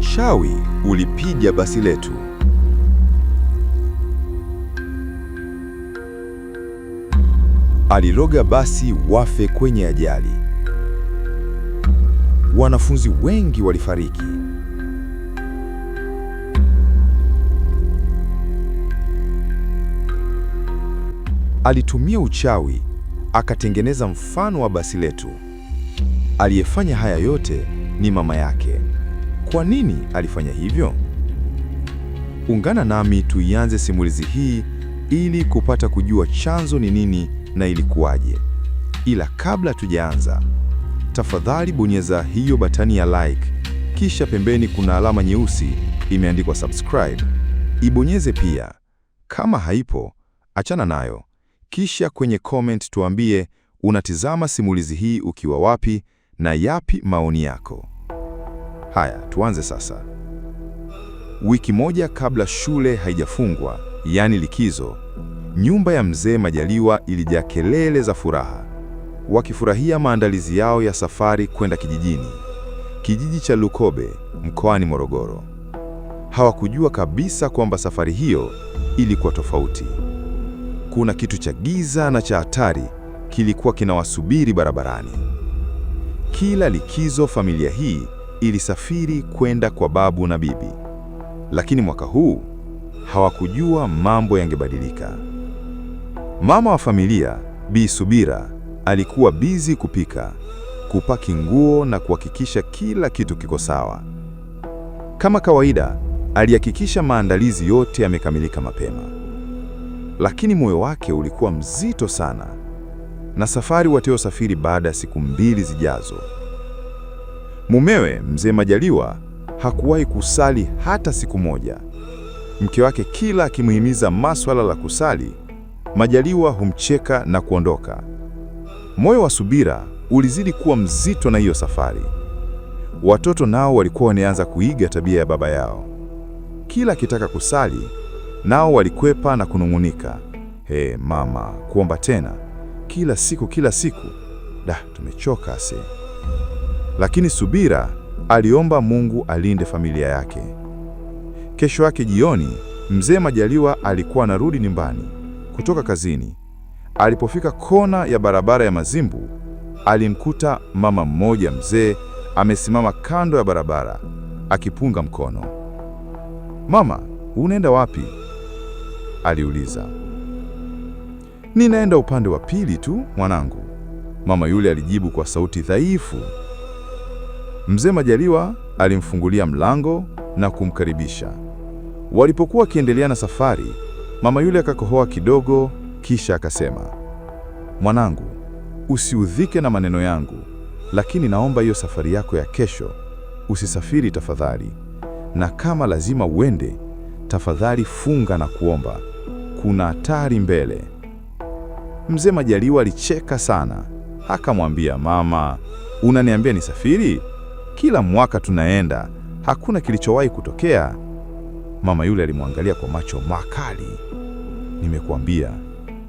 Uchawi ulipiga basi letu. Aliroga basi wafe kwenye ajali. Wanafunzi wengi walifariki. Alitumia uchawi akatengeneza mfano wa basi letu. Aliyefanya haya yote ni mama yake. Kwa nini alifanya hivyo? Ungana nami tuianze simulizi hii ili kupata kujua chanzo ni nini na ilikuwaje. Ila kabla tujaanza, tafadhali bonyeza hiyo batani ya like, kisha pembeni kuna alama nyeusi imeandikwa subscribe, ibonyeze pia. Kama haipo achana nayo, kisha kwenye comment tuambie unatizama simulizi hii ukiwa wapi na yapi maoni yako. Haya, tuanze sasa. Wiki moja kabla shule haijafungwa, yaani likizo, nyumba ya mzee Majaliwa ilijaa kelele za furaha, wakifurahia maandalizi yao ya safari kwenda kijijini, kijiji cha Lukobe mkoani Morogoro. Hawakujua kabisa kwamba safari hiyo ilikuwa tofauti. Kuna kitu cha giza na cha hatari kilikuwa kinawasubiri barabarani. Kila likizo familia hii ilisafiri kwenda kwa babu na bibi, lakini mwaka huu hawakujua mambo yangebadilika. Mama wa familia Bi Subira alikuwa bizi kupika, kupaki nguo na kuhakikisha kila kitu kiko sawa. Kama kawaida, alihakikisha maandalizi yote yamekamilika mapema, lakini moyo wake ulikuwa mzito sana na safari watayosafiri baada ya siku mbili zijazo. Mumewe Mzee Majaliwa hakuwahi kusali hata siku moja. Mke wake kila akimhimiza maswala la kusali, Majaliwa humcheka na kuondoka. Moyo wa Subira ulizidi kuwa mzito na hiyo safari. Watoto nao walikuwa wanaanza kuiga tabia ya baba yao. Kila akitaka kusali, nao walikwepa na kunung'unika, he mama, kuomba tena, kila siku kila siku, da, tumechoka ase lakini subira, aliomba Mungu alinde familia yake. Kesho yake jioni, mzee Majaliwa alikuwa anarudi nyumbani kutoka kazini. Alipofika kona ya barabara ya Mazimbu, alimkuta mama mmoja mzee amesimama kando ya barabara akipunga mkono. Mama, unaenda wapi? aliuliza. Ninaenda upande wa pili tu mwanangu, mama yule alijibu kwa sauti dhaifu. Mzee Majaliwa alimfungulia mlango na kumkaribisha. Walipokuwa wakiendelea na safari, mama yule akakohoa kidogo, kisha akasema, mwanangu, usiudhike na maneno yangu, lakini naomba hiyo safari yako ya kesho usisafiri tafadhali, na kama lazima uende, tafadhali funga na kuomba, kuna hatari mbele. Mzee Majaliwa alicheka sana, akamwambia, mama, unaniambia nisafiri? Kila mwaka tunaenda, hakuna kilichowahi kutokea. Mama yule alimwangalia kwa macho makali. Nimekuambia,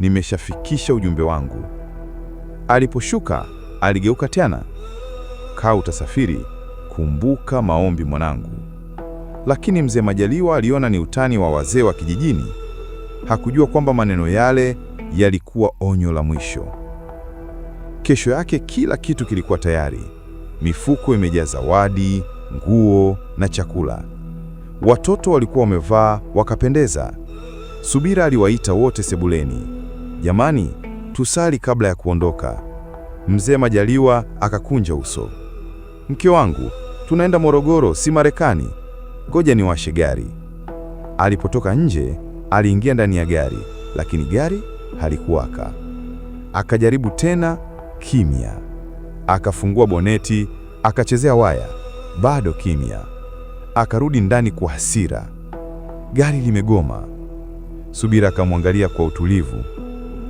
nimeshafikisha ujumbe wangu. Aliposhuka aligeuka tena. Kaa utasafiri, kumbuka maombi mwanangu. Lakini mzee Majaliwa aliona ni utani wa wazee wa kijijini. Hakujua kwamba maneno yale yalikuwa onyo la mwisho. Kesho yake kila kitu kilikuwa tayari mifuko imejaa zawadi, nguo na chakula. Watoto walikuwa wamevaa wakapendeza. Subira aliwaita wote sebuleni. Jamani, tusali kabla ya kuondoka. Mzee Majaliwa akakunja uso. Mke wangu, tunaenda Morogoro, si Marekani. Ngoja niwashe gari. Alipotoka nje, aliingia ndani ya gari, lakini gari halikuwaka. Akajaribu tena, kimya. Akafungua boneti, akachezea waya, bado kimya. Akarudi ndani kwa hasira, gari limegoma. Subira akamwangalia kwa utulivu.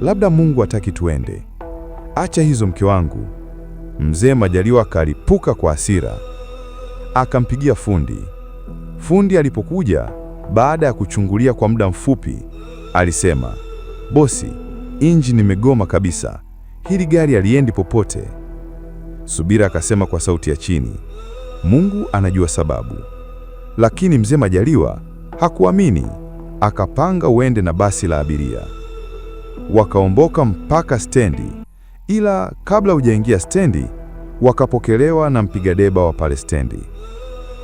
Labda Mungu hataki tuende. Acha hizo mke wangu. Mzee Majaliwa akalipuka kwa hasira, akampigia fundi. Fundi alipokuja baada ya kuchungulia kwa muda mfupi, alisema bosi, injini imegoma kabisa, hili gari haliendi popote. Subira akasema kwa sauti ya chini, Mungu anajua sababu. Lakini mzee Majaliwa hakuamini, akapanga uende na basi la abiria. Wakaomboka mpaka stendi, ila kabla hujaingia stendi wakapokelewa na mpiga deba wa pale stendi.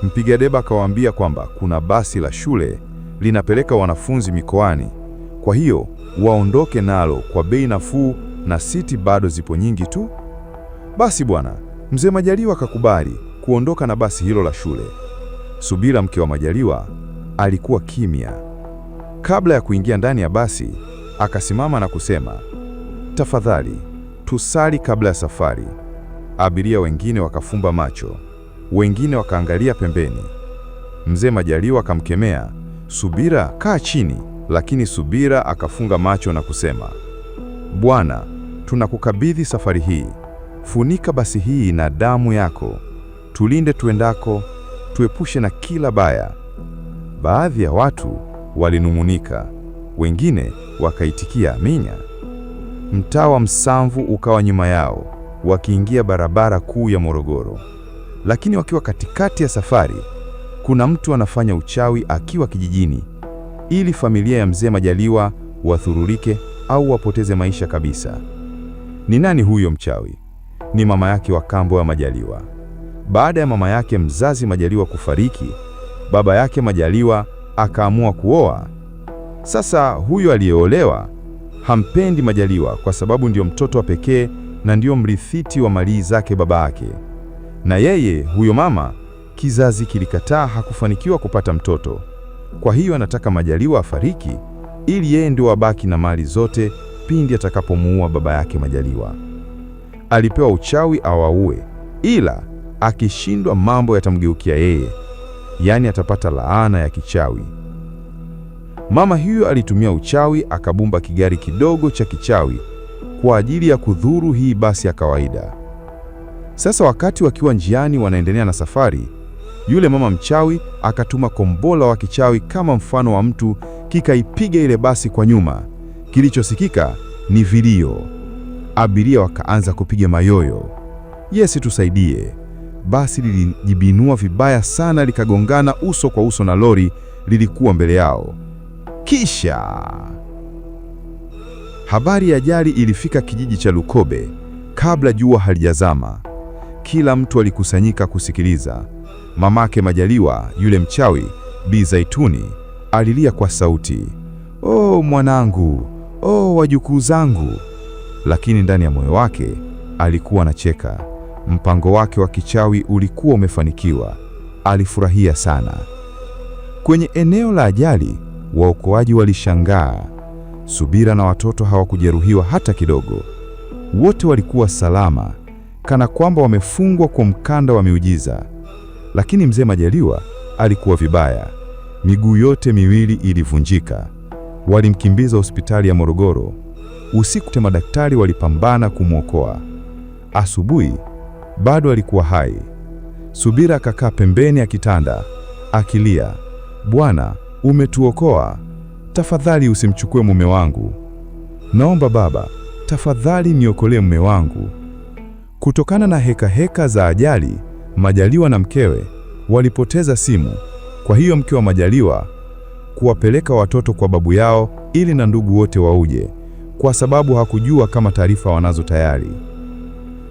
Mpiga deba akawaambia kwamba kuna basi la shule linapeleka wanafunzi mikoani, kwa hiyo waondoke nalo kwa bei nafuu na siti bado zipo nyingi tu. Basi bwana, mzee Majaliwa akakubali kuondoka na basi hilo la shule. Subira, mke wa Majaliwa, alikuwa kimya. Kabla ya kuingia ndani ya basi, akasimama na kusema, tafadhali tusali kabla ya safari. Abiria wengine wakafumba macho, wengine wakaangalia pembeni. Mzee Majaliwa akamkemea, Subira, kaa chini. Lakini Subira akafunga macho na kusema, bwana, tunakukabidhi safari hii. Funika basi hii na damu yako, tulinde tuendako, tuepushe na kila baya. Baadhi ya watu walinung'unika, wengine wakaitikia minya. Mtaa wa Msamvu ukawa nyuma yao, wakiingia barabara kuu ya Morogoro. Lakini wakiwa katikati ya safari, kuna mtu anafanya uchawi akiwa kijijini, ili familia ya mzee Majaliwa wathururike au wapoteze maisha kabisa. Ni nani huyo mchawi? ni mama yake wa kambo ya Majaliwa. Baada ya mama yake mzazi Majaliwa kufariki, baba yake Majaliwa akaamua kuoa. Sasa huyo aliyeolewa hampendi Majaliwa kwa sababu ndiyo mtoto wa pekee na ndiyo mrithiti wa mali zake baba yake. Na yeye huyo mama kizazi kilikataa, hakufanikiwa kupata mtoto. Kwa hiyo anataka Majaliwa afariki ili yeye ndio abaki na mali zote pindi atakapomuua baba yake Majaliwa alipewa uchawi awaue, ila akishindwa mambo yatamgeukia yeye, yaani atapata laana ya kichawi. Mama huyo alitumia uchawi akabumba kigari kidogo cha kichawi kwa ajili ya kudhuru hii basi ya kawaida. Sasa wakati wakiwa njiani wanaendelea na safari, yule mama mchawi akatuma kombola wa kichawi kama mfano wa mtu, kikaipiga ile basi kwa nyuma. Kilichosikika ni vilio. Abiria wakaanza kupiga mayoyo, Yesu tusaidie. Basi lilijibinua vibaya sana, likagongana uso kwa uso na lori lilikuwa mbele yao. Kisha habari ya ajali ilifika kijiji cha Lukobe kabla jua halijazama. Kila mtu alikusanyika kusikiliza. Mamake Majaliwa, yule mchawi, Bi Zaituni, alilia kwa sauti, o oh, mwanangu, o oh, wajukuu zangu lakini ndani ya moyo wake alikuwa anacheka. Mpango wake wa kichawi ulikuwa umefanikiwa, alifurahia sana. Kwenye eneo la ajali, waokoaji walishangaa. Subira na watoto hawakujeruhiwa hata kidogo, wote walikuwa salama, kana kwamba wamefungwa kwa mkanda wa miujiza. Lakini mzee Majaliwa alikuwa vibaya, miguu yote miwili ilivunjika. Walimkimbiza hospitali ya Morogoro Usiku madaktari walipambana kumwokoa. Asubuhi bado alikuwa hai. Subira akakaa pembeni ya kitanda akilia, Bwana, umetuokoa, tafadhali usimchukue mume wangu. Naomba Baba, tafadhali niokolee mume wangu. Kutokana na heka heka za ajali, Majaliwa na mkewe walipoteza simu. Kwa hiyo mke wa Majaliwa kuwapeleka watoto kwa babu yao ili na ndugu wote wauje kwa sababu hakujua kama taarifa wanazo tayari.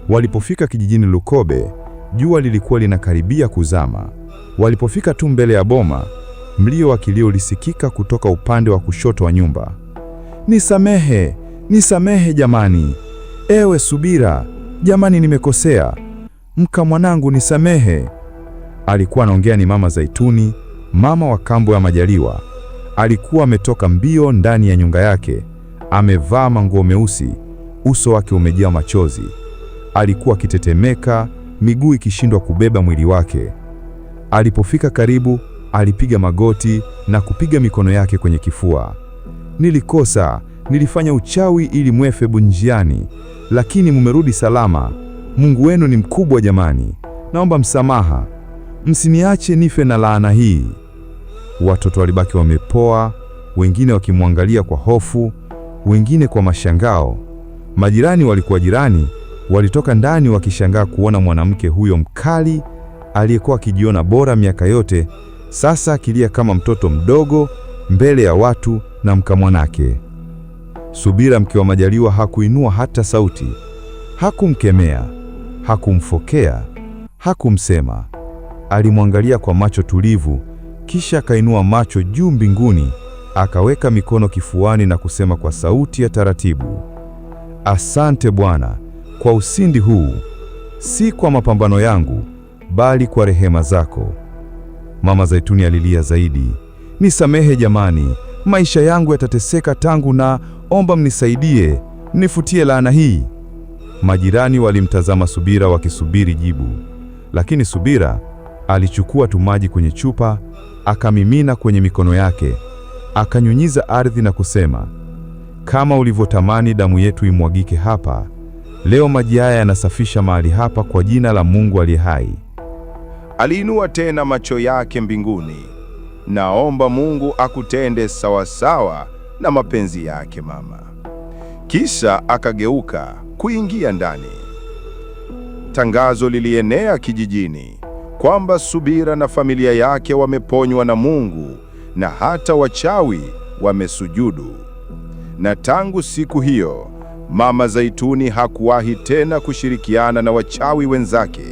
Walipofika kijijini Lukobe, jua lilikuwa linakaribia kuzama. Walipofika tu mbele ya boma, mlio wa kilio ulisikika kutoka upande wa kushoto wa nyumba. Nisamehe, nisamehe jamani. Ewe Subira, jamani nimekosea. Mka mwanangu nisamehe. Alikuwa anaongea ni Mama Zaituni, mama wa kambo ya Majaliwa. Alikuwa ametoka mbio ndani ya nyunga yake. Amevaa manguo meusi, uso wake umejaa machozi. Alikuwa akitetemeka, miguu ikishindwa kubeba mwili wake. Alipofika karibu, alipiga magoti na kupiga mikono yake kwenye kifua. Nilikosa, nilifanya uchawi ili mwefe Bunjiani, lakini mumerudi salama. Mungu wenu ni mkubwa jamani, naomba msamaha, msiniache nife na laana hii. Watoto walibaki wamepoa, wengine wakimwangalia kwa hofu wengine kwa mashangao. Majirani walikuwa jirani, walitoka ndani wakishangaa kuona mwanamke huyo mkali aliyekuwa akijiona bora miaka yote, sasa akilia kama mtoto mdogo mbele ya watu na mkamwanake. Subira mke wa Majaliwa hakuinua hata sauti, hakumkemea, hakumfokea, hakumsema. Alimwangalia kwa macho tulivu, kisha akainua macho juu mbinguni. Akaweka mikono kifuani na kusema kwa sauti ya taratibu, asante Bwana kwa ushindi huu, si kwa mapambano yangu, bali kwa rehema zako. Mama Zaituni alilia zaidi, nisamehe jamani, maisha yangu yatateseka tangu, na omba mnisaidie, nifutie laana hii. Majirani walimtazama Subira wakisubiri jibu, lakini Subira alichukua tu maji kwenye chupa akamimina kwenye mikono yake akanyunyiza ardhi na kusema, kama ulivyotamani damu yetu imwagike hapa leo, maji haya yanasafisha mahali hapa kwa jina la Mungu aliye hai. Aliinua tena macho yake mbinguni, naomba Mungu akutende sawasawa na mapenzi yake, mama. Kisha akageuka kuingia ndani. Tangazo lilienea kijijini kwamba Subira na familia yake wameponywa na Mungu na hata wachawi wamesujudu. Na tangu siku hiyo Mama Zaituni hakuwahi tena kushirikiana na wachawi wenzake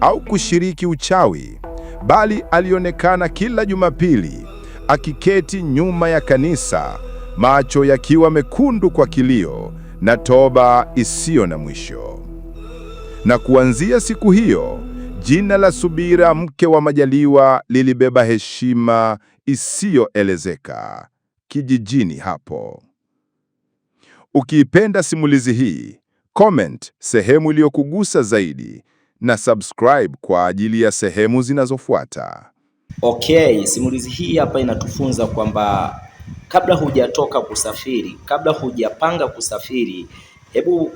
au kushiriki uchawi, bali alionekana kila Jumapili akiketi nyuma ya kanisa, macho yakiwa mekundu kwa kilio na toba isiyo na mwisho. Na kuanzia siku hiyo jina la Subira mke wa Majaliwa lilibeba heshima isiyoelezeka kijijini hapo. Ukiipenda simulizi hii, comment sehemu iliyokugusa zaidi na subscribe kwa ajili ya sehemu zinazofuata. Okay, simulizi hii hapa inatufunza kwamba kabla hujatoka kusafiri, kabla hujapanga kusafiri, hebu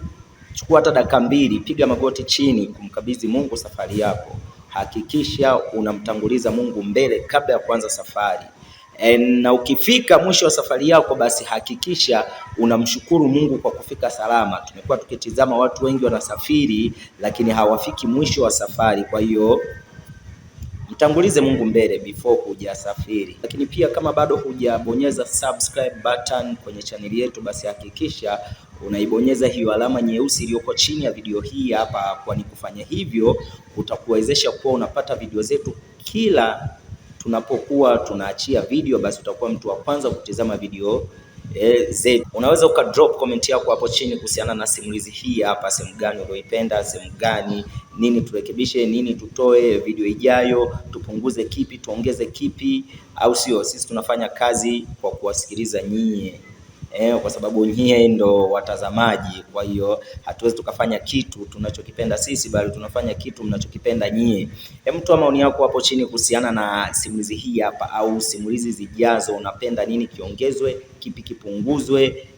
chukua hata dakika mbili, piga magoti chini, kumkabidhi Mungu safari yako hakikisha unamtanguliza Mungu mbele kabla ya kuanza safari e, na ukifika mwisho wa safari yako basi hakikisha unamshukuru Mungu kwa kufika salama. Tumekuwa tukitizama watu wengi wanasafiri, lakini hawafiki mwisho wa safari, kwa hiyo Mtangulize Mungu mbele before hujasafiri. Lakini pia kama bado hujabonyeza subscribe button kwenye chaneli yetu, basi hakikisha unaibonyeza hiyo alama nyeusi iliyoko chini ya video hii hapa, kwani kufanya hivyo utakuwezesha kuwa unapata video zetu kila tunapokuwa tunaachia video, basi utakuwa mtu wa kwanza kutizama video e, eh, zetu. Unaweza uka drop comment yako hapo chini kuhusiana na simulizi hii hapa, sehemu gani ulioipenda, sehemu gani, nini turekebishe, nini tutoe video ijayo, tupunguze kipi, tuongeze kipi, au sio? Sisi tunafanya kazi kwa kuwasikiliza nyinyi eh, kwa sababu nyie ndo watazamaji. Kwa hiyo hatuwezi tukafanya kitu tunachokipenda sisi, bali tunafanya kitu mnachokipenda nyie. Hem, toa maoni yako hapo chini kuhusiana na simulizi hii hapa, au simulizi zijazo. Unapenda nini kiongezwe, kipi kipunguzwe,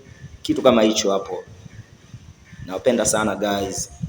kitu kama hicho hapo. Nawapenda sana guys.